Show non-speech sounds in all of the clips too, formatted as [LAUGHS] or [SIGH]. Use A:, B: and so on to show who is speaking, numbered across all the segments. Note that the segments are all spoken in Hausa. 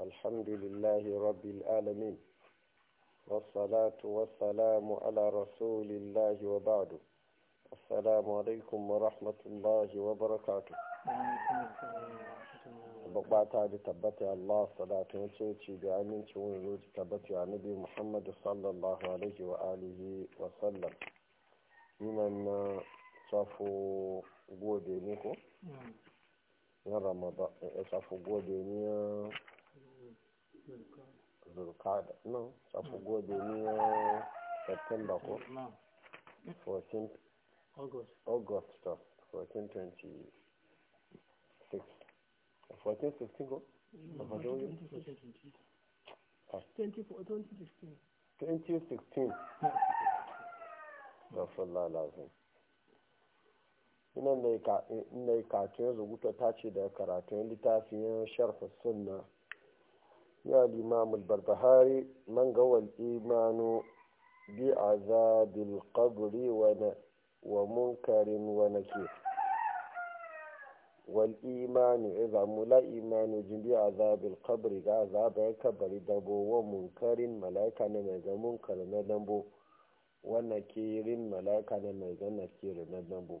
A: الحمد لله رب العالمين والصلاة والسلام على رسول الله وبعد السلام عليكم ورحمة الله وبركاته بقاطع تبتي الله صلاة وتوتي بأمين توني تبتي عن نبي محمد صلى الله عليه وآله وسلم من صفو gobe ne ko? Na Ramadan, ya safi gobe ne zulkada no safu gobe ni ya september ko august august 1426 1416 2016 2016 rasulallah lazim ina ta ce da karatun littafin sharh sunna yar lihi ma man bar bahari wal imanu biyu a zabiru kaburi wani wa mun kari wani ki wal imanu ira mu la imanin biyu a zabiru kaburi ga azabar-kabar dabo wa mun kari mallakaina mai ganin kal na dambu wani kirin mallakaina mai ganin kirin na dambu.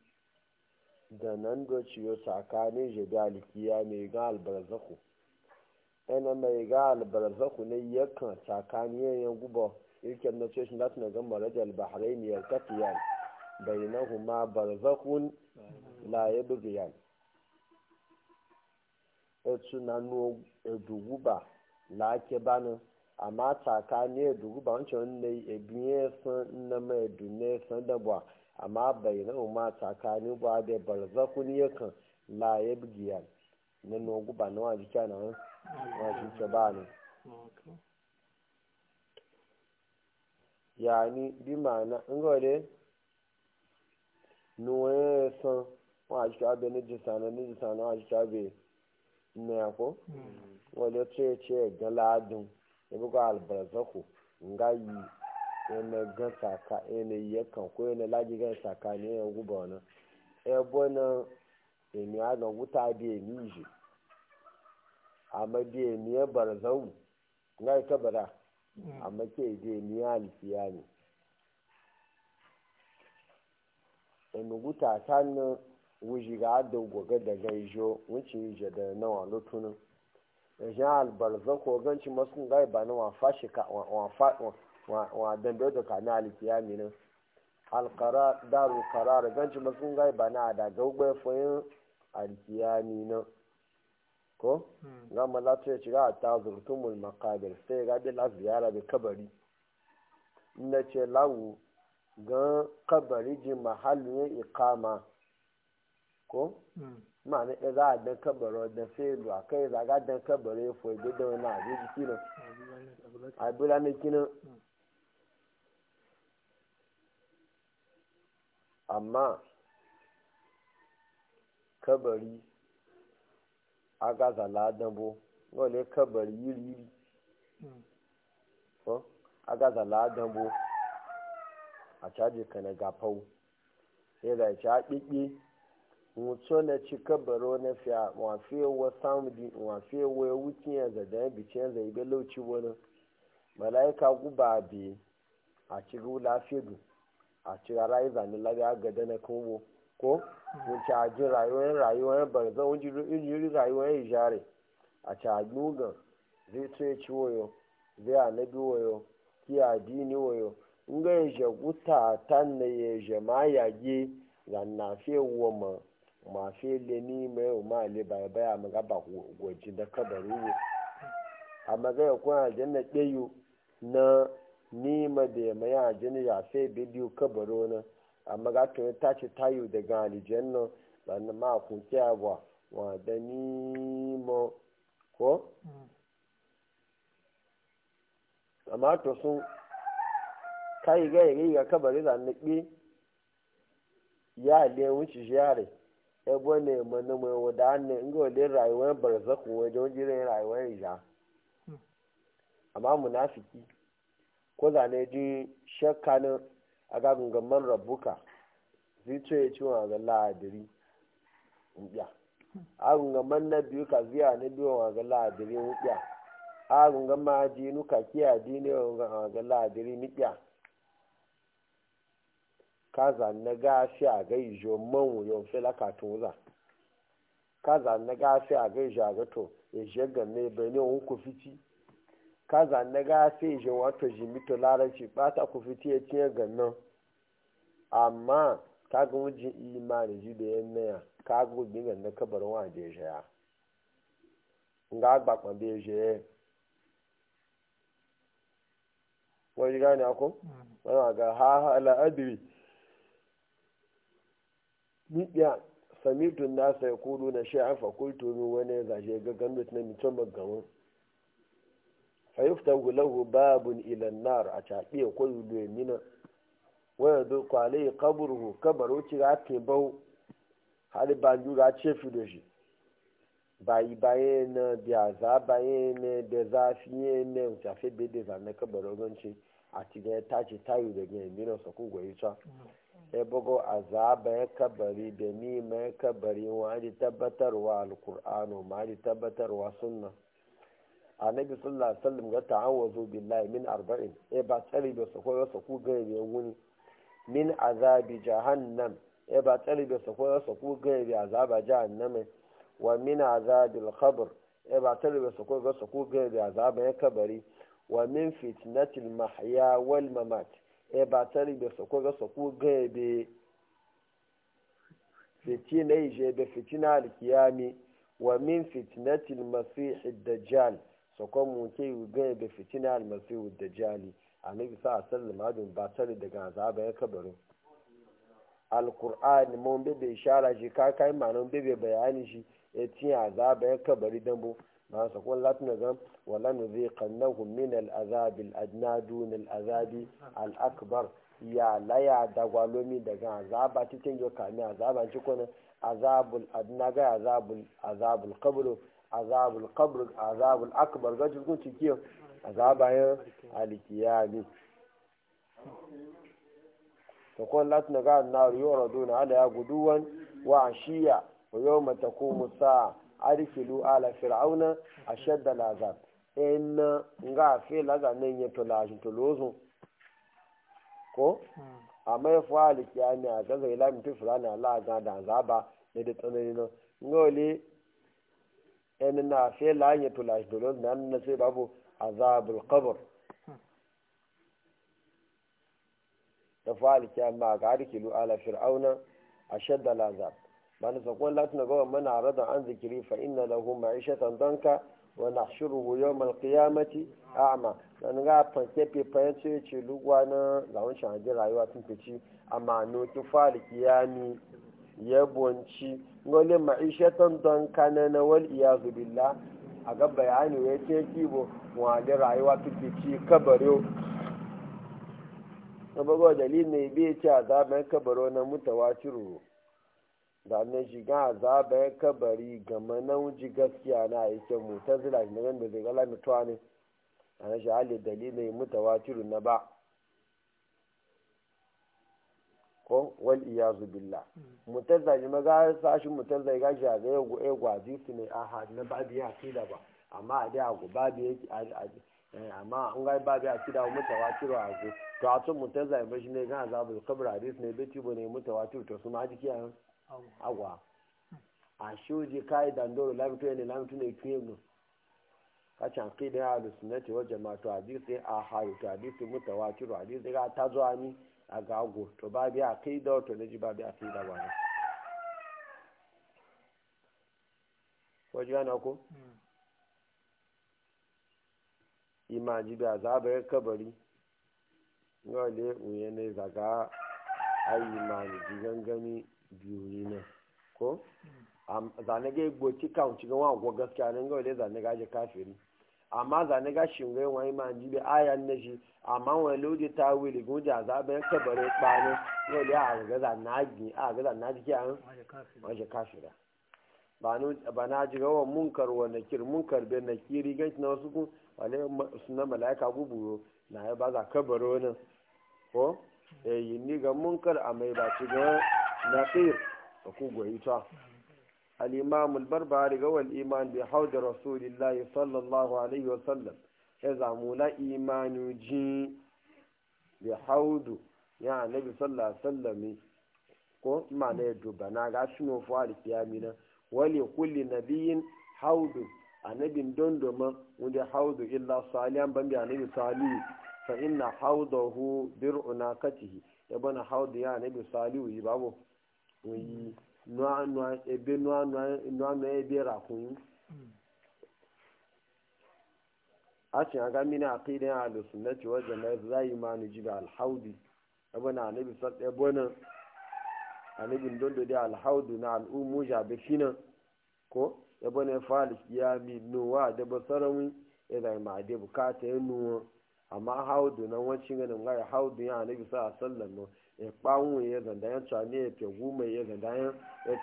A: da nan da ciyo tsakanin jidalikiya mai ga albarzaku yana mai ga albarzaku ne yakan tsakanin yanyan guba irken na cikin latin na gama rajal bahrain ya tafiyan bainahuma barzakun la yabghiyan etu na nu eduguba la ke banu amma tsakanin eduguba wancan ne ebiye san na mai dune san dabwa amma bainahuma tsakanin ba da barzakun yakan la yabgiya na nogu ba na waji kyana wa jike ba ne yani bi ma'ana in gode nuwaye san wa jike abe ni jisana ni na wa jike abe na yako hmm. wale ce ce ga ladin ya buga albarzaku nga yi yana gan saka yana yakan ko yana laji gan saka ne yana guba wani ebo na emi aga wuta bi emi ji amma bi emi ya zau na ita bara mm. amma ke je emi ya alifiya ne ina wuta ta na wuji ga adon goga da gaijo wuce je da wani lotunan e, ya albarzan ko ganci masu ngai ba na wafa wa dambe da na alkiya minin alqara daru karara ganci mun gai ba na da gaugbe foyin alkiya minin ko hmm. ga malatu ya shiga ta zurtumul makabir sai ga bi la ziyara da kabari na ce lawu ga kabari ji mahallin ya ikama ko hmm. ma'ana ya za a dan kabaro da felu a kai zaga dan kabaro ya fobe da wani abin jikinan abin na kinan amma kabari a gaza ladanbo wale kabari yiri yiri hmm. ko a gaza ladanbo a caji ka na gafau ya da ci a ƙiƙi mutu na ci kabaro na fiya wafe wa samudi wafe wa ya wuce ya zada ya bice ya zai ga lauci wani mala'ika guba bi a cikin lafiya a cira rayu zanen a gada na kobo ko mun ci ajin rayuwar rayuwar banza wani jiri rayuwar ya a ci ajin zai tsaye ci wayo zai anabi wayo ki adini wayo in ga ya na ya je ya ge zanna fe wo ma ma le ni me o ma le ba ya maga ba nima da ya maya ajini ya sai bidiyo kabaro na amma ga to ta ce tayu daga alijan nan sannan ma ku kyawa wa da nima ko amma to sun kai ga yi ga kabari da nabi ya le wuce jare e bone mana mai wadanne ingo le rayuwar barzakhu wajen jiran rayuwar ya hmm. amma munafiki ko zane ji shakkanin a gagun gamman rabbuka zai ce ya ci wa ladiri ya agun gamman na biyu ka ziya na biyu wa ga ladiri ya a gamman ji nuka kiya di ne wa ga ladiri ya kaza na gafi a gai jo man yau fila ka zane kaza na gafi a gai jo a gato ya shiga gane bai ne wuku fiti kaza na ga sai je wato jimito larabci bata ku fiti ya ciye gannan amma kaga wujin imani ji da yan naya kaga wujin na kabar wa ya shaya nga agba kwan be je wani gane ako mm. wani ga ha ha la adri miya samitun nasa ya kudu na shi'a fakultu wani zaje ga gandut na mutum gamun fayuftahu lahu babun ila nar a chaɓe ko yudo mina waya do ko alai qabruhu kabaru ci ga ke bau hali banju ga ce fi do shi bayi baye na biya baye ne da zafi ne u ta fe be de kabaru a ti ga ta ci da gen mina so ku goyi cha e bogo azaba ya kabari da ni mai kabari wa tabbatarwa alqur'anu ma tabbatarwa sunna annabi sallallahu alaihi wasallam ga ta'awwazu billahi min arba'in e ba tsari da sako ya sako ga ya wuni min azabi jahannam e ba tsari da sako ya sako ga ya azaba jahannam wa min azabil qabr e ba tsari da sako ga sako ga ya azaba ya kabari wa min fitnatil mahya wal mamat e ba tsari da sako ga sako ga ya fitina je da fitina alkiyami wa min fitnatil masih dajjal sakon mu ke yi gane da fitina almasihu da jali nufi sa a sallar hadin ba tare daga azaba ya kabarin alkur'ani mun bebe shara shi ka kai manon bebe bayani shi ya tiya azaba ya kabari bu ma sakon latin zan wala nuziqannahum min al'azabi al'adna dun al'azabi al'akbar ya laya da gwalomi daga azaba cikin yau kami azaba ci kuna azabul adna ga azabul azabul qabru azabul qabr azabul akbar ga jirgin cikin azabayan alkiyami ta kwan latin ga na yoro dona ala ya guduwan wa ashiya wa yawma taqumu sa'a arkilu ala fir'auna ashadda al'azab in nga fe laga nan ya tola shi tolozo ko a ya fa a ga zai lamin tufrana ala ga da azaba ne da tsanani nan ngole ɗan na fe lanye to lashi nan na na babu azabul qabr da fa'al kiyama ga arkilu ala fir'auna ashadd al azab man sa kun lati na gawa mana arada an zikiri fa inna lahu ma'ishatan danka wa nahshuruhu yawm al qiyamati a'ma dan ga fanke pe fanke ce lugwa na lawon shahaji rayuwa tun ci amma no ki ya ni. ya bonci wani ma'ishatan don na wal iyazu billah a ga bayani ya ce kibo wani rayuwa tuke ci kabaro na bago dalil mai bai ce azaban kabaro na mutawatiru da na shiga azaban kabari ga wuji gaskiya na yake mutazila shi na da zai gala mutuwa ne a na shi dalil mai mutawatiru na ba ko wal iyazu billah mutazza ji maga sashi mutazza ga shi ga yau e gwaji su ne aha na babu ya kila ba amma a da go babu yake eh, amma an ga babu ya kila mutawatir a go to a tun mutazza ba shi ne ga azabul qabr hadis ne bai tibo ne mutawatir to su ma ji kiyan agwa a shoji kai dandoro lamto ne lamto ne kiyan kacin aqida ya ahlus sunnati wal jama'a to hadisi ahadu to hadisi mutawatir hadisi ga tazo ami aga gago to ba biya aqida to naji ba biya a, ba wajen yana ko hmm. imaji da zabayar kabari wale uye ne zaga ayi mani ji gangami biyu yi ne ko hmm. zane ga igbo cika wuce gawa agwa gaskiya nan ga wale zane gaje kafiri amma ne gashin gai wani ma jibi ayan na shi amma wani lodi ta wili gunja a zaɓen kabarin ɓanin wani a gaza nagi a gaza na ke an waje kafira ba na ji gawa munkar wa nakir munkar bai nakiri ganci na wasu kun wale suna mala'ika guguro na ya ba za kabaro nan ko e yi ni ga munkar a mai ba ci ga nakir da ku goyi ta الإمام البربري هو الإيمان بحوض رسول الله صلى الله عليه وسلم إذا مولا إيمان جي بحوض يعني النبي صلى الله عليه وسلم ko mana ya duba na ga shi no fa al kiyamina wali kulli nabiyin haudu annabin dondoma wanda haudu illa salihan ban bi annabi salihu fa inna haudahu biruna katihi ya bana haudu ya annabi salihu babu yi nua ebe nua nua ebe rakun ashin aga mini a ahlus sunnati wal jamaa zai ma ni jiba al haudi da na al ummu fina ko abana falis ya mi nuwa da basarawin idan ma da bukata nuwa amma haudu na wancin ganin ga haudu ya annabi sa alaihi ekpawun ya zanda ya tsani ya fegu mai ya zanda ya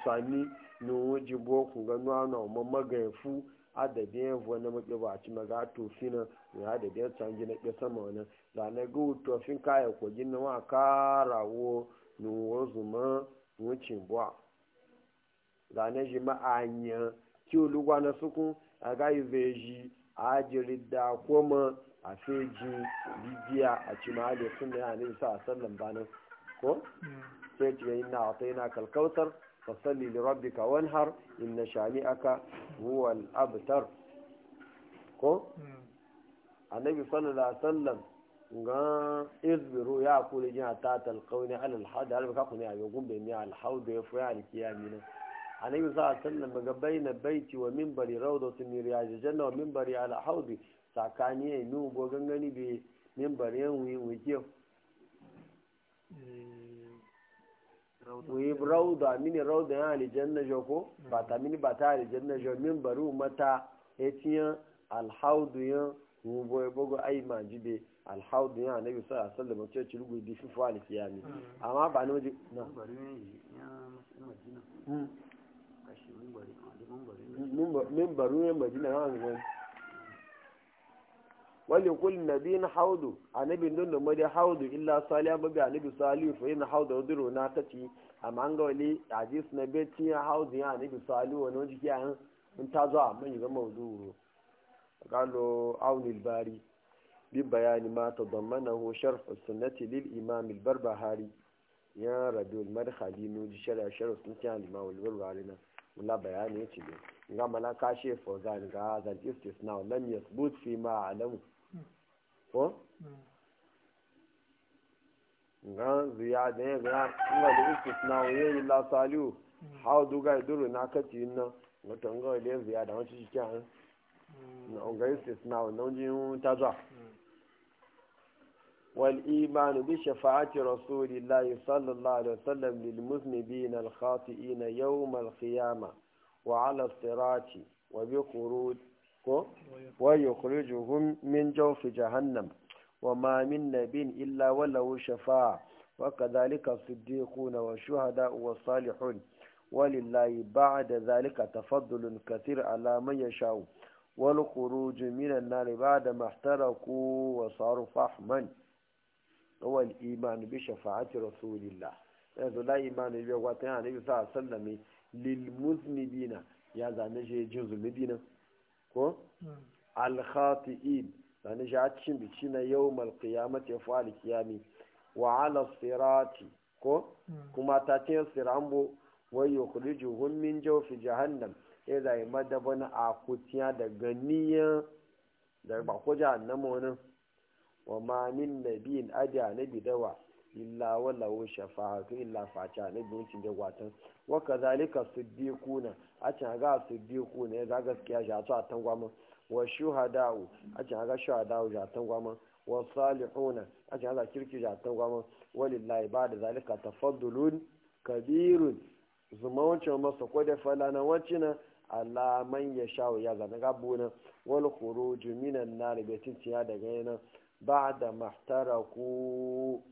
A: tsani ni wuji boku ga nuna ma magafu adadin ya vuwa na maƙi ba a ci maga tofi na ya adadin ya tsani na ƙi sama wani da na ga tofin kaya kogi na wa karawo ni wuzu ma wucin buwa da na ji ma'anya ki olugwa na sukun a ga yi zai ji a jirida koma a feji bibiya a ci mahalin sun da ya ne sa a sallan banan ko hmm. sai ce inna atayna kal kautsar fasalli li rabbika wanhar inna shani aka al abtar ko hmm. annabi sallallahu alaihi wasallam ga izbiru ya kula jina ta talqawni ala al hada al ka kuni ayo gumbe ne al da ya fuya al bi annabi sallallahu alaihi wasallam ga bai baiti wa minbari rawdatun min riyadil janna wa minbari ala haudi sakani ne nugo gangani bi minbari yan wi wi wai rauda mini rauda ya alijan na joko mm. ba ta mini ba ta na joko min baru mata etiyan alhaudu yan wubo ya e bugu ai ma jibe alhaudu yan na yusa a sallama ce ci rugu di fufu alkiyami mm. amma ba ni waje na min baru yan madina wani hmm. ngon wali kul na haudu a annabin don da mada haudu illa salihan babu annabi salihu fa yin haudu duro na ta ci amma ga wani hadis na beti ya hauzu a ne su aliyu wani wajen kiyayen in ta zo a manyan zama wuzu galo aunil bari bi bayani ma ta mana ho sharfa sunnati lil imam ilbar bahari. ya rabiul madkhali no ji shara shara sunnati al imam al-barbahari na mula bayani ci ne ga malaka she fozan ga na istisna lam yasbut fi ma alamu ko hmm. gan da ya ga ina da istisna wa yayi la saliu how do guy duru na kati na wato ga da ziyada wani shi kan na on ga istisna wa non jin ta za wal iman bi shafa'ati rasulillahi sallallahu alaihi wasallam lil muznibin al khati'in yawm al qiyamah wa ala sirati wa bi khuruj ko wa yukhrijuhum min jawfi jahannam وما من نبي إلا وله شفاعة وكذلك الصديقون والشهداء والصالحون ولله بعد ذلك تفضل كثير على من يشاء والخروج من النار بعد ما احترقوا وصاروا فحما هو الإيمان بشفاعة رسول الله yanzu la imanu biya wata yana nabi sa sallame lil muznibina ya zane shi jin zulmidina ko al khati'in sani shi a cikin bici na yau malkiyamata ya fa'ali kiyami wa ala sirati ko hmm. kuma ta ce sirambo wai ya kuli juhun min fi jahannam ya zai madaba na akutiya da ganiyan da bako jahannam wani wa ma min nabiyin a na bidawa illa wallahu shafa'atu illa faca na biyun cin jagwatan wa kazalika siddiquna a can ga siddiquna ya za gaskiya shi a tangwamin wa shuhada'u a ci haka shuhada'u jatan gwamon wa salihuna a ci haka kirki jatan gwamon walillahi ba da zalika tafaddulun kabirun zuma wancan masa ko fala na wancina man ya shawo ya zana gabo na wal khuruju minan nar bi tintiya daga yana ba'da mahtaraku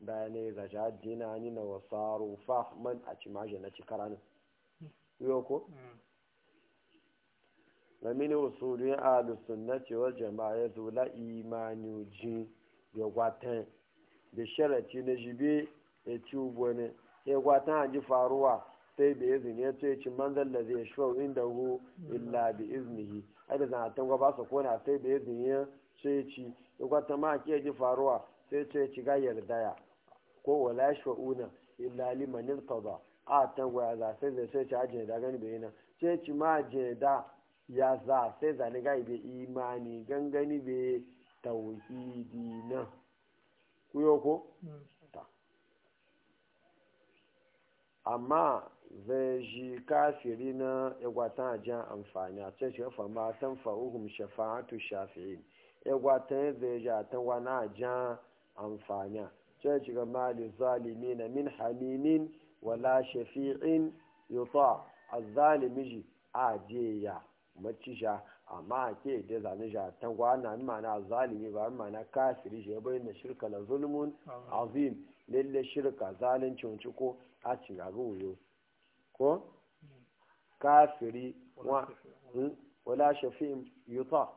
A: bayanai ga jadina ni na wasaru fahman a ci maje na ci karanin hmm. yoko na mini usulun alusunnati wal jama'a ya zula jin ya gwatan da sharaci na jibe ya ci wani ya gwatan a ji faruwa sai da izini ya ce ci manzan da zai shau inda hu illa bi iznihi da zanatan gwa ba su kona sai da izini ya ce ci ya gwatan ma ke ji faruwa sai ce ci ga yardaya ko wala shau'una illa limanin irtada a tan gwaya za sai zai sai ci ajiyar da gani bai nan sai ci ma ajiyar da ya za sai zane gai be imani gangani be tauhidi na kuyo ko amma zai ka kafiri na igwata jan amfani a can ma matan fa'uhum shafa'atu shafi'in igwata zai ji a tanwa na jan amfani can ga mali zalimi na min hamimin wala shafi'in yuta a zalimi a macisha amma ke da zane sha tan gwana mana zalimi ba mana kafiri shi ya bayyana shirka la zulmun azim lalle shirka zalincin ko a abin wuyo ko hmm. kafiri wala shafi'in hmm? yuta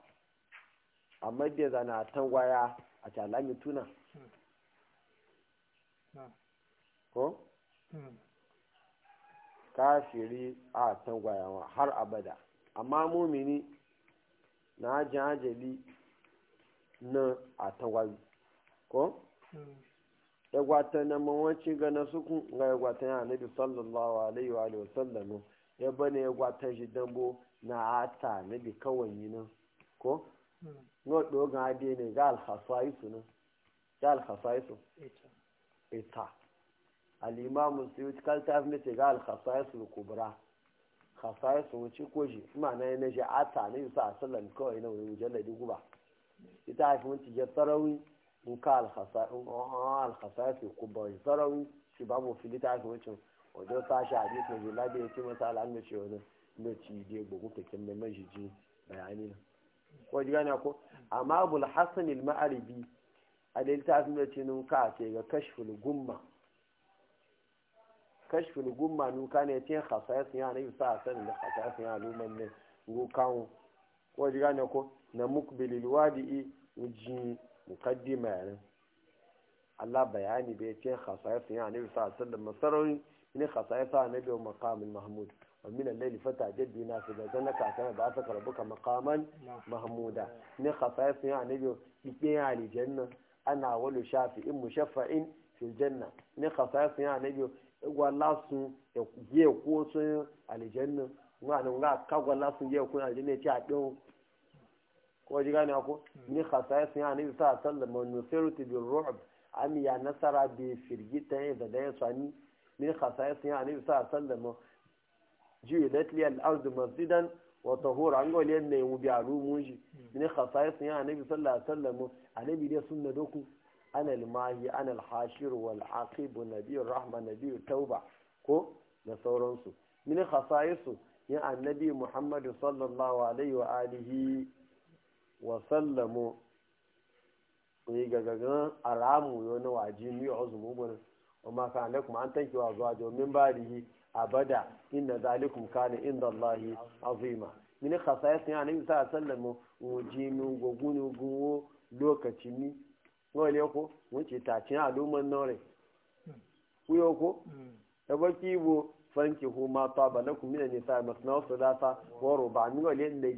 A: amma da zana tan gwaya a talami tuna hmm. ko kafiri a tan gwaya har abada amma mumini na ajin ajali na a tawali ko? ya hmm. gwata na mawanci ga na suku ga gwata ya nabi sallallahu alaihi wa sallallahu ya bane gwata shi dambo na ata nabi kawai nan ko? Hmm. na dogon adi ne ga su nan ga su? ita al'imamu su yi kalta mace ga su kubra kasar su wuce koji na ya na a na su a sallan kawai na wani mujalladin guba ita haifi mun cije sarawi in ka alhasar su kuma sarawi shi ba mu fili ta haifi wucin wajen sashi a jikin jilabi ya ce masa al'amma ce wani mace da ya gugu kakin da majiji bayani na ko ji gane ko amma abul hasan a maaribi a da ta da ce nun ka ce ga kashful gumma كشف نجوم من كان يتين خصائص يعني يبصع سن الخصائص يعني من وكان وجعنا كو نمقبل الوادي وجين مقدمة يعني. الله بياني بيتين خصائص يعني يبصع سن المصرون من خصائص النبي يعني ومقام المحمود ومن الليل فتى جدي نافذة زنك عشان بعثك ربك مقاما نعم. محمودا من خصائص يعني يبصع على الجنة أنا أول شافي إم شفع في الجنة من خصائص يعني يبصع gwala sun ye ko sun aljanna nga nan ga ka gwala lasu ye ko aljanna ti adon ko ji gane ko hmm. ni khasaya sun ani sa sallama nusirati bil ru'b am ya nasara bi firgita da da yasani ni khasaya sun ani sa sallama ji li al ard masjidan wa tahura an gole ne mu bi aru mun ji hmm. ni khasaya sun ani sallallahu alaihi wasallam anabi da sunna doku anal mahi anal hashir wal aqibu nabiyur rahma nabiyur tauba ko da sauransu min khasa'isu ya annabi muhammadu sallallahu alaihi wa alihi wa sallamu yi gagagan aramu yau na waji mi uzumu gurin amma ka alaikum an tanki wa zuwa domin barihi abada inna zalikum kana inda allahi azima min khasa'isu ya annabi sallallahu alaihi wa sallamu wujinu gogunu guwo lokaci mi wọ́n lé ọkọ̀ wọ́n ti tà tí àlùmọ́ náà rẹ̀ kúyọ̀ kó kí min nisa masna salasa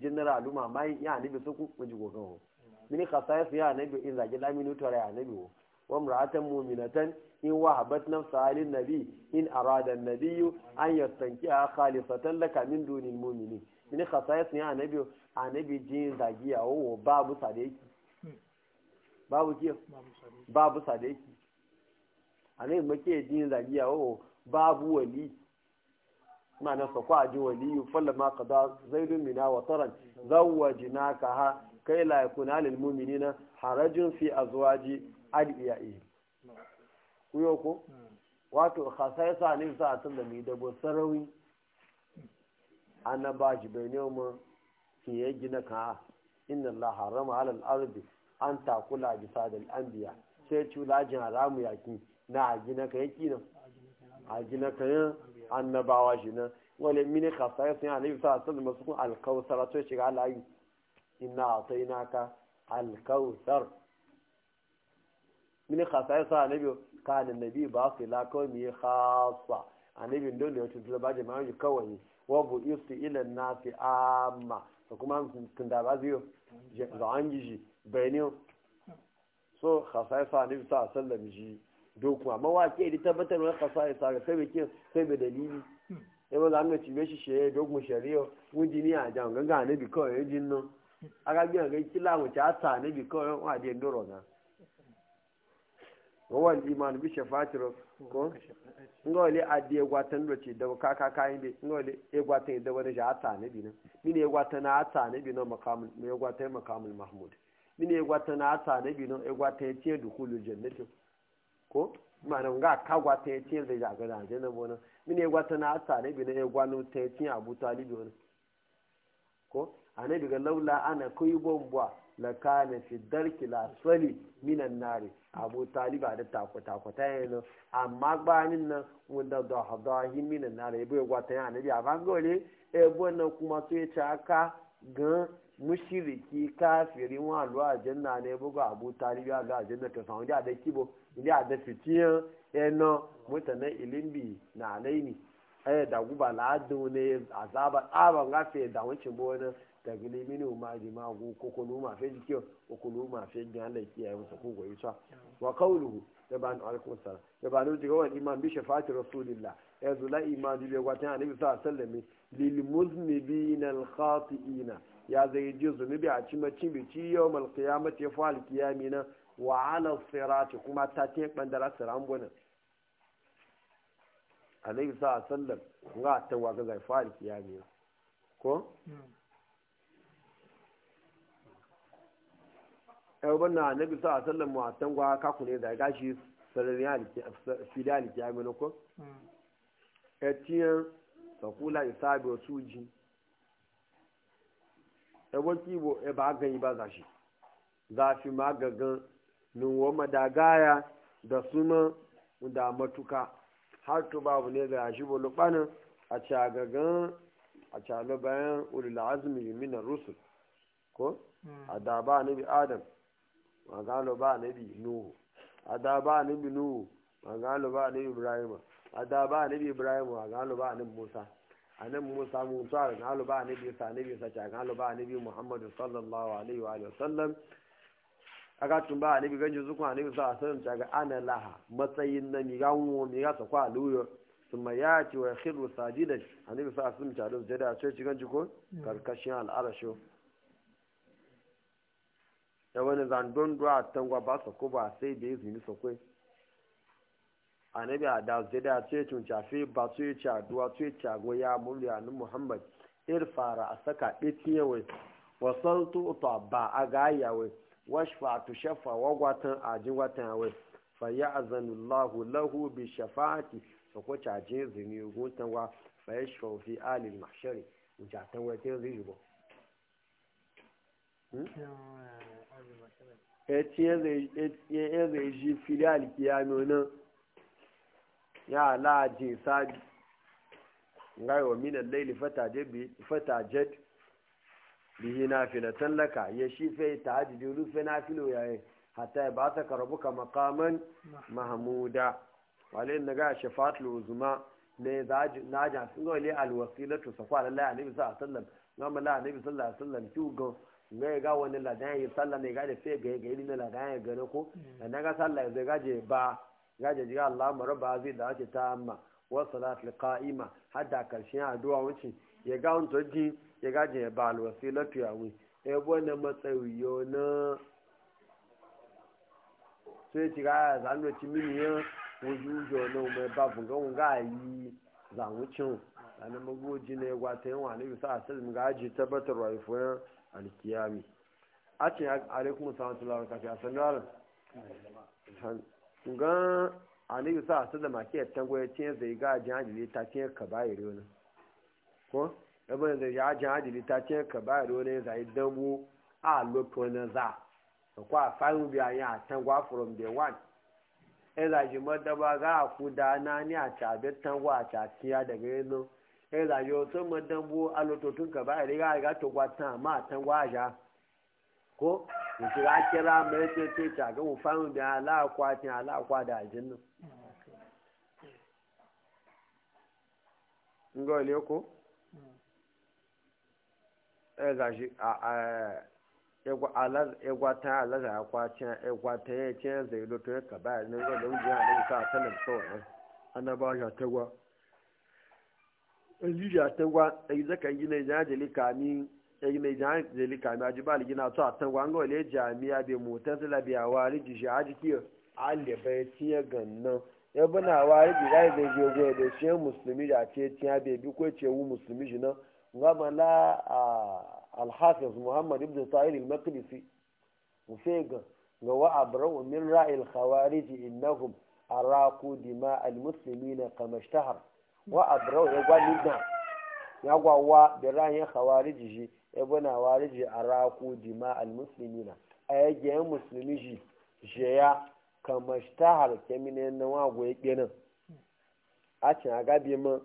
A: general aluma mai ya ne bi suku mu in zage ya mu'minatan in wahabat nafsa nabi in arada an-nabiy an yastankiha min dunil mu'minin min khasais ya wo babu sadiki babu kiyo babu sadaki a nan make jin zagiya oh babu wali na sa kwa ji wali falla ma qada zaidun mina wa taran ka ha kai la yakuna lil mu'minina harajun fi azwaji adiya'i kuyo ko hmm. wato khasaisa ne sa tun da mi dabo sarawi ji bai ne mu ki yaji na ka inna allaha harama alal ardi an takula bisa da al'ambiya sai culajin haramu yaki na ajinaka ka yaki ajinaka ajina ka yin annabawa shi nan wani mini kasa ya sun halayi sa sun masu kun alkawusar to shiga layi ina a sai naka alkawusar mini kasa ya sa halayi ka da nabi ba su lakawai mai kasa annabin da ya tuntula ba jama'a kawai wabu isu ilan nasi amma da kuma kundaba da ba zai yi za an bayani so khasaisa ne bisa sallam ji doku amma wa ke da tabbatar wa khasaisa ga sai ke sai da dalili e ba zanga ci beshi she doku shari'o wuji ni a jan ganga ne bi ko e jin no aga bi ga kila mu ta ta ne bi ko wa de ndoro na wawan iman bi shafatir ko ngole adie gwatan do ci da ka ka kai bi ngole e gwatan da wani ja ta ne bi na mine gwatan na ta ne bi no makamul me gwatan makamul mahmud mini egwata na ata na bino egwata ce dukulu jannati ko mana nga kagwa ta ce zai jaga da jana bona mini egwata na ata da bino egwanu ta ce abu ko annabi ga laula ana kuyi bomba la kana fi darki la sali minan nari abu taliba da tako tako ta yana amma gbanin nan wanda da hadahi minan ebe ebo egwata ya a bangole ebo na kuma sai ta aka gan mushiriki kafiri wa lu ajanna ne bugu abu talibi ga ajanna ta samu da kibo ile a da fitiyan eno mutane ilimbi na alaini ai da guba ladun ne azaba tsaban gafe da wancin bo wani da gili mini ma ji ma go ko ma luma fe ji kiyo ma, ko luma fe ji Allah ki ya musu ko goyi sa wa qawluhu da ban alaikum salam da ban ji ga wani imam bi shafa'ati rasulillah ya zula imam bi gwatan annabi sallallahu alaihi wasallam lil muznibina al khati'ina ya zai ji zunubi a ci maci bici yau malkiyamata ya fa alkiyami na wa ala sirati kuma ta ce bandara siran bunan alaihi sa a sallam nga ta wa ga zai fa alkiyami ko yau na nabi sa a sallam wa ku ne da gashi sararin ya alkiyami na ko mm. etiyan sakula isabi osuji ebo kibo e ba ganyi ba zashi zashi ma gagan nuwa madagaya da suna da matuka har to babu ne da shi bolo banin a cagagan a calo bayan ulul azmi minar rusul ko hmm. a da ba nabi adam ma gano ba nabi nuhu a da ba nabi nuhu ma gano ba nabi ibrahim a da ba nabi ibrahim ma gano ba nabi musa anan mu samu tsara na aluba annabi sa annabi sa ta ga aluba annabi muhammadu sallallahu alaihi wa alihi wasallam aka tumba annabi ganji zuku annabi sa sallam ta ga ana laha matsayin na mi gawo mi ga sakwa aluyo ya ci wa yakhiru sajidan annabi sa sallam ta da sujada sai ci ganji ko mm. karkashin al'arashu da wani zandon duwa tangwa ba ko ba sai da izini sakwai annabi a da da ce tun cafe ba su yi caduwa su yi cagoya murya muhammad irfara a saka ɗikiye wai wasan tuta ba a gaya wai washfa tu shafa wagwatan a ji watan wai fa ya azanullahu lahu bi shafa'ati su ko caje zini gutan wa fa ya shafi alil mahshari in ja tan wai tin zai bo e tiye zai ji fili ya la jin sabi ngai wa min al-layl jet bihi nafilatan laka ya shi fa tahajjudu rufe nafilo yayi hatta ya bata ka maqaman mahmuda walin na ga shafa'atul uzma ne na ja sun ga le alwasilatu safa lillahi nabi sallallahu alaihi wasallam ngam la nabi sallallahu alaihi wasallam tu go ngai ga wani ladan ya sallah ne ga da sai ga ga ni ladan ya gane ko mm. na ga sallah ga je ba gaje jiga Allah maraba zai da ake ta amma wa salat liqa'ima hada karshen addu'a wuce ya ga toji ya gaje ya bal e ya na sai ti ga zan no ti mini ya wuju jo no me ba bunga yi zan wucin na magoji ne ta yin wani bisa a sassan gaji tabbatar alkiyami a alaikun sa'adu kafin a ga anabi sa su da maki tango ya zai ga ajin hajjili ta tiyan kaba ba iri ko ɗabar da ya ajin hajjili ta tiyan kaba iri zai a lokacin wani za da kwa fahimu a from day one ɗan e zaji madaba ga ku da na ni a cabe tango a daga e a lokacin ka ba iri ga ko da kira kira mai cece ta ga ufanin da alakwa ta alakwa da ajinnan nga ole ko e eh, gashi a egwata alaza akwa cin egwata ya cin zai loto ya kaba ne ga da wuce a sa sanar sauran annaba ya tagwa Elijah tagwa ɗai zaka yi na kamin sai mai jihar zeli kami a jibal gina to a tan wango le jami'a bai motar zila bai a wari ji shi a jiki alle bai tiye gannan ya bana wari ji rai zai je goya da shi musulmi da ce tiya bai bi ko ce wu musulmi shi nan ngama la alhafiz muhammad ibn sa'id al-maqdisi mufega ga wa abra'u min ra'il khawarij innahum araku dima al-muslimina kama ishtahar wa abra'u ya e gwani dan. ya gwawa da hawariji shi na hawariji a raku dima almuslimina a yage musulmi shi jeya kamar shtahar kemine na wago ya na a cin gabi ma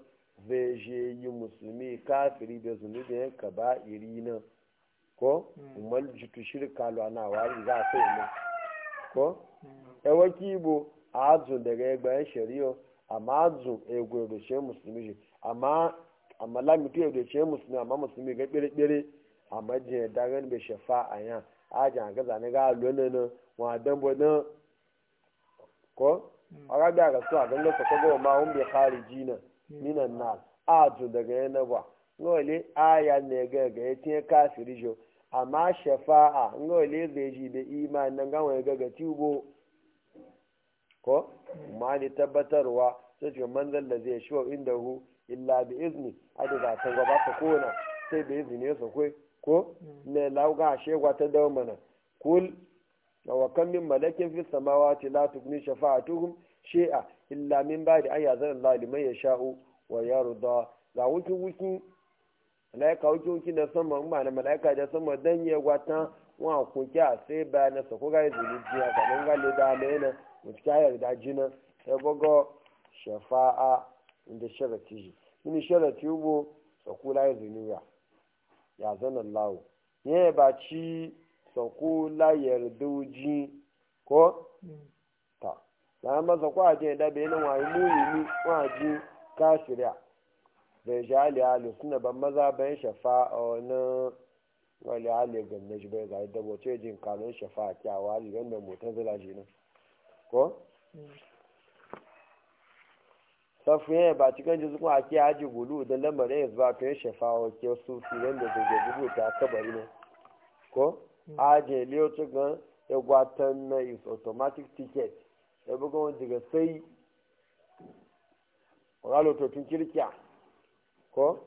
A: zai yi musulmi kafiri da zunubi yanka ba iri nan ko hmm. umar jitu shirka wari za a sai mu ko hmm. kibo a azun daga shari'o amma azun da shi musulmi amma la mutu yau da ce musulmi amma musulmi ga ɓere-ɓere amma yadda gani bai shafa a yan jan ga zane ga lona na wa bane na ko hmm. aga da ga su a ganga sa kogo ma hun bai khariji na minan hmm. na azu daga na ba ngole ya ne ga ga yatin kafiri jo amma shafa a ngole zai ji da iman nan gawa ya ga ga tubo ko hmm. ma ne tabbatarwa sai ce manzan da zai shi wa inda hu illa bi izni adi ga tan gaba ka kona sai bi izni su kai ko mm. ne lauga shegwa ta dawo mana kul wa kam min malakin fi samawati la tughni shafa'atuhum shay'a illa min ba'di an yazana Allah liman yasha'u wa yarda ga wuki wuki malaika wuki wuki na sama ma na malaika da sama dan ya gwata wa ku a sai ba na sako ga izini jiya ga nan ga le da ne na mutaka yarda jina sai bogo shafa'a inda sharati mini sharati ubo sakula ya zunuya ya zanen lawo ne ba ci sakula yardoji ko ta na maza kwaje da bai nan wani muni kwaje kashiriya bai ji ali ali suna ban maza bayan shafa a wani wani ali ganna shi bai zai dabo ce jin kanun shafa a kyawa ali ganna motar zila shi nan ko mm. safiya ya ba cikin jizu kuma ake haji gulu da lamarin ya zuba shafa wa ke su fiye da zai gudu ta kabari ne ko mm. aje liyoto gan ya gwatan na is automatic ticket ya buga wani daga sai ralo totun kirkiya ko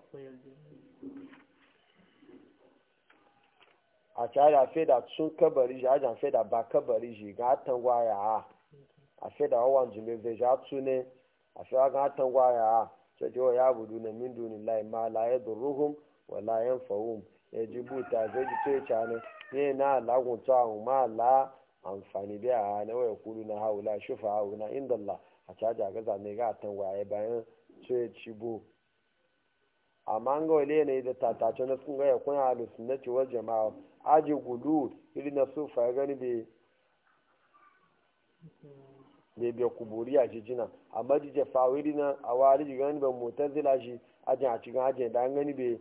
A: a cara feda sun kabari shi ajan feda ba kabari shi ga tangwaya a feda wawan jimbe zai ja su ne a shi aka hatan gwaya ta ce ya budu na min duni lai ma la ya durruhum wa la yan fahum ya ji buta zai ji ce cani ne na lagun tsawon ma la amfani biya na waya kudu na haula shufa haula inda la a caja ga zane ga hatan gwaya bayan ce cibo amma an ga wale ne da tatace na sun gaya kuna na wa jama'a aji gudu iri na sufa ya gani bai mm-hmm. da biya kuburi a jijina amma jije fawiri na a wari ji gani ban motar zila shi ajin a cikin ajin da an gani bai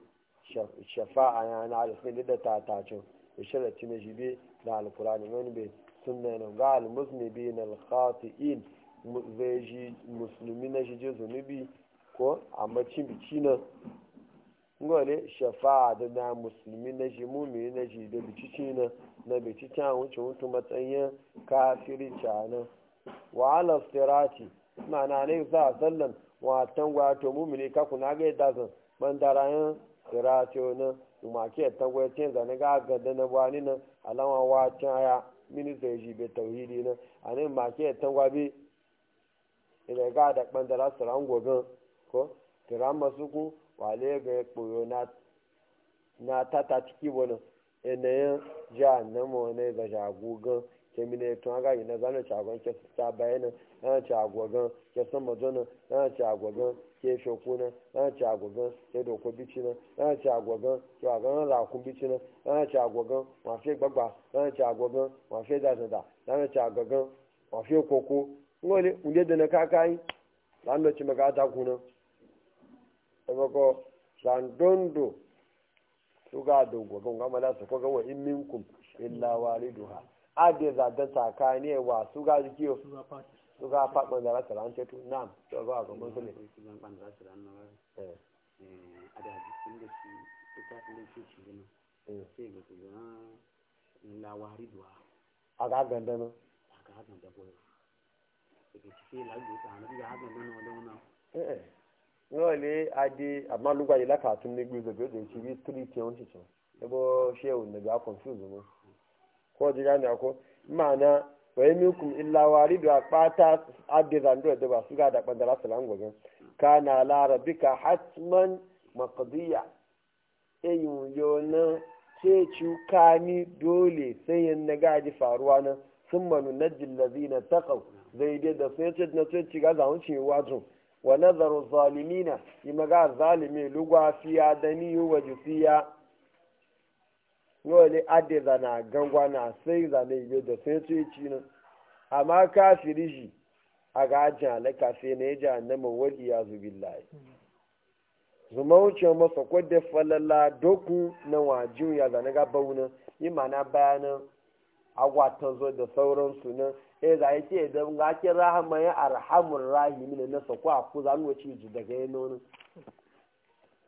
A: shafa a yana alfin da ta tacin da sharati na jibe da alkurani gani bai sunna na ga almusni bai na in zai ji musulmi na je zunubi ko amma cin biki na ngole shafa da na musulmi na shi mumini na shi da biki na na biki can wuce wuce matsayin kafirin canan wa ala sirati ma'ana ne za a sallan wa tangwa to mumini ka kuna ga yadda zan man darayan sirati na kuma ke tangwa ce zane ga gada na na alama wa minista ya jibe tauhidi na a ne ma ke tangwa bi ina ga da bandara siran gogon ko tiran masu ku wale ga koyo na na tata ciki wani kemine tun aga yi na zanu cagon ke ta bayana an eh, ci agwagan ke san majona an eh, ci agwagan ke shokuna an eh, ci agwagan ke doko bicina an ci agwagan ke agan rakun bicina an ci agwagan ma fi gbagba an ci agwagan ma fi dasada an ci agwagan ma fi koko ngole unde da na kakai lan ci maka ta kuna ko sandondo suga dogo gonga mala su ko ga wa in minkum illa waliduha ade zaɓen tsakani wa su ga jikiyo su ga faɗin da rasa ran tetu na su ga ga mun eh. eh, eh. sule a ga ganda nan yóò lé adé àmàlùgbàyè lákàtún ní gbèsè bí ó lè ṣe bí tírì tí ó ń confuse ko ji gane ko ma'ana wa yi minkum illa waridu a fata abdizan e da ba su ga da bandara salan gobe kana larabika hatman maqdiya eyun yona ce cukani dole sai yin na faruwa nan sun manu na jillazi na takau zai dai da sai ce na sai ciga zaun ce wajen wa nazaru zalimina yi maga zalimi lugwa fiya da niyu wa wani ade zana gangwa na sai zane ibe da sai su na ci ka kafiri shi a na alaka sai na yi jahannama wani ya zubi layi zuma wuce masa kwadda falala doku na wajen ya zane gaba wunan na mana bayanan agwatan zo da sauransu nan e za yi ce da ga kira hamayen arhamun rahimi na na ko a ku zanuwa ci daga yi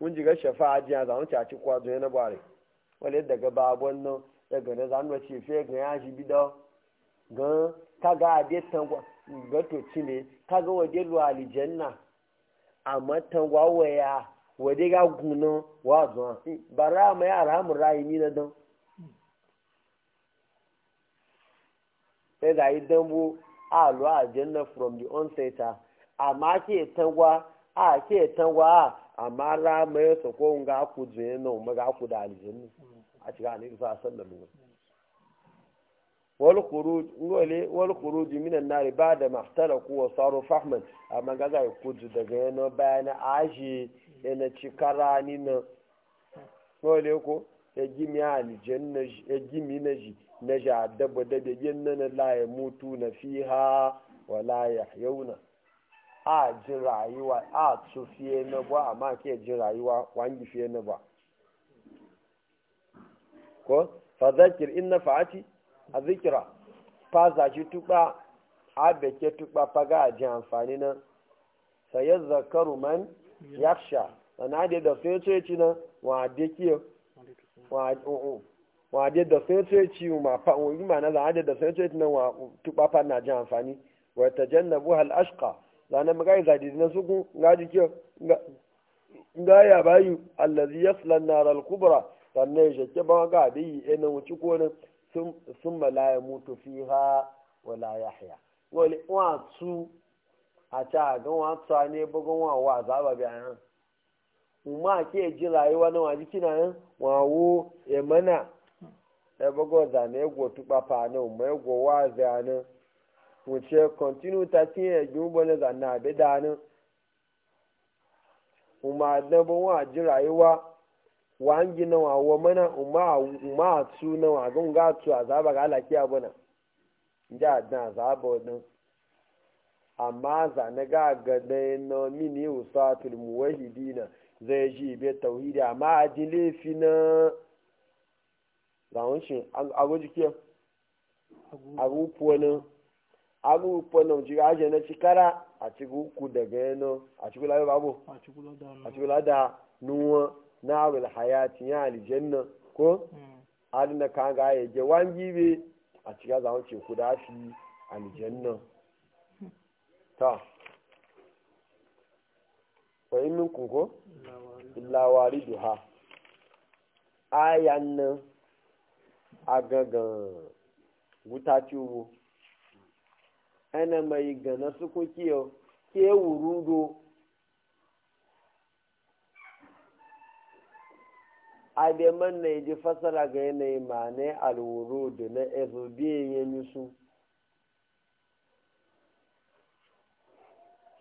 A: mun ji ga shafa'a jiya za mu ci a ci kwazo yana bare wale daga babon nan daga da za mu ci fe ga ya shi bidon ga kaga a dai tangwa ga to ci ne kaga waje lu alijanna amma tangwa waya waje ga gunan wa zuwa bara ma yara mu rayi ni na dan sai da yi dambu a lu alijanna from the onset amma ke tangwa a ke tangwa a amma rama ya sako nga ga aku zuye nan ma ga ku da aljannu a cikin annabi sa sallallahu alaihi wal khuruj ngole wal khuruj min an-nar ba'da ma ihtaraku wa saru fahman amma ga ga kuju daga yana bayana aji yana cikara ni na ngole ko ya gimi aljanna ya gimi na ji na a dabba dabbe yanna la ya mutu na fiha wala yahyauna a ji rayuwa a su fiye na ba amma ke ji rayuwa wangi fiye na ba ko fazakir in na fa'aci a zikira fa zaki tuba a beke tuba faga ga ji amfani na saye zakaru man yaksha sana da da sai ce ci na wade kiyo wade da sai ce ci ma fa wani ma na da da sai ce ci na wa tuba fa na ji amfani wa tajannabu hal ashqa zane mu gai zadi na suku ga jike ga ya bayu allazi yasla an-nar al-kubra sanne ya shake ba ga bi ina eh, wuci ko ne sun la ya mutu fiha wa la yahya wani wa su a ta ga wa ta ne bugun wa wa zaba bayan umma ke ji rayuwa na waji kina yan wawo e mana e bugo zane go tuba fa ne umma go wa zane wuce kontinu ta tiye za na zanna abi danin umma dabo wa ji rayuwa wa an gina wa wa mana umma umma tu na wa gun ga tu a zaba ga alaki abuna ja dan azaba wadin amma za zane ga ga dai no mini usatul muwahidina zai ji be tauhidi amma adile fi na zawon shi a gujike a gupuwa agu pono jiga aje na chikara achigu ku daga yano achigu la babo na awil hayati ya aljanna ko mm. adina kan ga ya je wangi be a ciga za ku da [LAUGHS] ta wa in ko illa wariduha Aya nan agagan wuta ciwo ana mai gana suku kiyo ke wurudo ademan na ji fasara ga yanayi ma ne alwurudu na ezobe ya nisu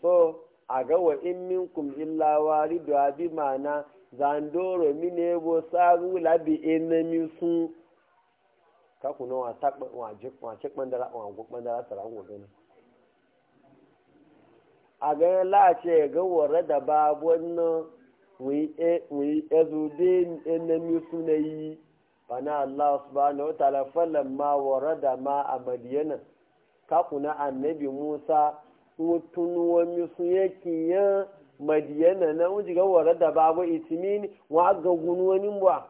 A: so a gawa wa in minkum illa waridu abi mana zandoro mine bo saru labi enemi sun kaku na wace ɓandara ɓandara tsaron gani a ganin la'ace ga ware da ba wannan wuyi e, ezube musu na yi bana Allah subhanahu wa ta'ala fallan ma ware da ma a madiyana kaku na annabi musa tunuwa misu yake yan madiyana na wujiga ware da ba wa itimini wa ga gunuwanin ba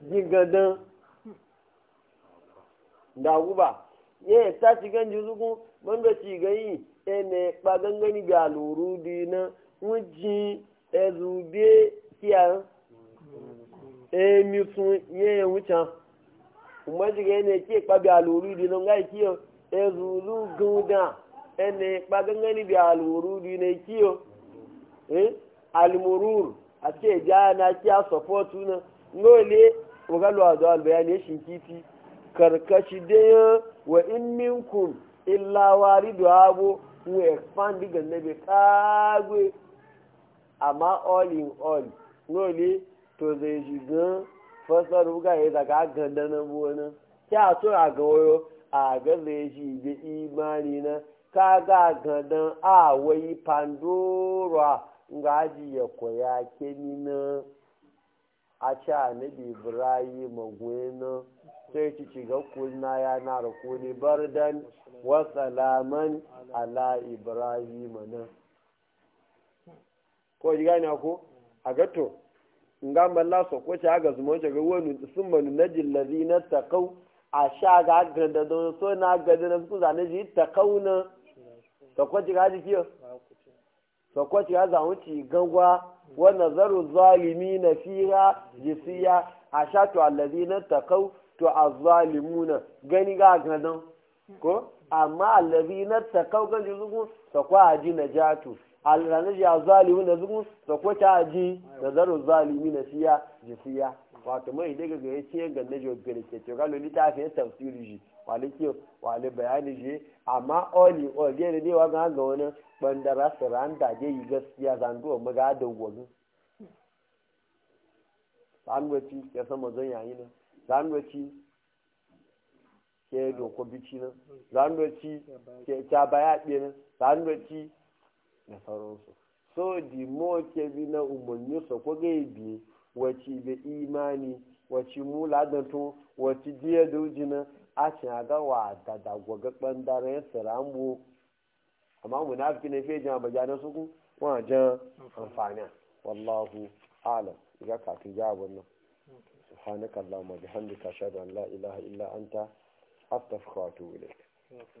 A: jigadan daguba ye ta ci ganji zugun man da ci gayi ene ba gangani ga luru dina wuji ezube kiya e mi sun ye wucan na ji ene ke pa ga luru na ngai e kiyo ezulu guda ene ba gangani ga luru dina e kiyo eh almurur a ce ja na kiya support na nole wagalwa da albayani ya shinkifi karkashi daya wa in minkum illa waridu abu mu expand ga nabi kagwe amma all in all nole to zai shiga fasar ruga ya daga ganda na buwana kya so a ga wayo a ga zai shiga imani na kaga gandan a wai pandora ngaji ya koya kenina. a ce annabi ibrahim gwenu sai ci ci ga kulna ya na rukuni bardan wa salaman ala ibrahim na. ko ji gani ko a gato nga malla so ko ci aga zuma ga wani sun manu najil ladina takau a sha ga ganda don so na ganda na su zane ji takau na ko ji ga kiyo sakwati ya zamu ci gangwa wa nazaru zalimi na fiya, jisiya a sha to allazi na takau to a zalimuna gani ga gadan ko amma allazi na takau kan zugun sakwa aji na jatu ji a zalimu na zugun sakwa ta aji nazaru zalimi na fiya jisiya wato mai daga ga ya ce ga na jogar ke ce ga lolita fiye tafsiri shi wale kiyo wale bayani je amma oli oli ne ne wa ga ga wani bandara saranda je yi gaskiya zango mu ga da wani zanwaci ya sama zan yayi na zanwaci ke doko bici nan zanwaci ke ta baya ɗe na zanwaci na sauransu so di mo ke bi na umarni so ko ga biye wace da imani wace mula da to wace diya da ujina a cin aga wa da da gwagagban daren ya sarambo amma munafiki ne fiye jama bajana su ku wajen amfani wallahu alam ga kafin ya wannan subhanakallahumma bihamdika ashhadu an la ilaha illa anta astaghfiruka wa atubu ilayk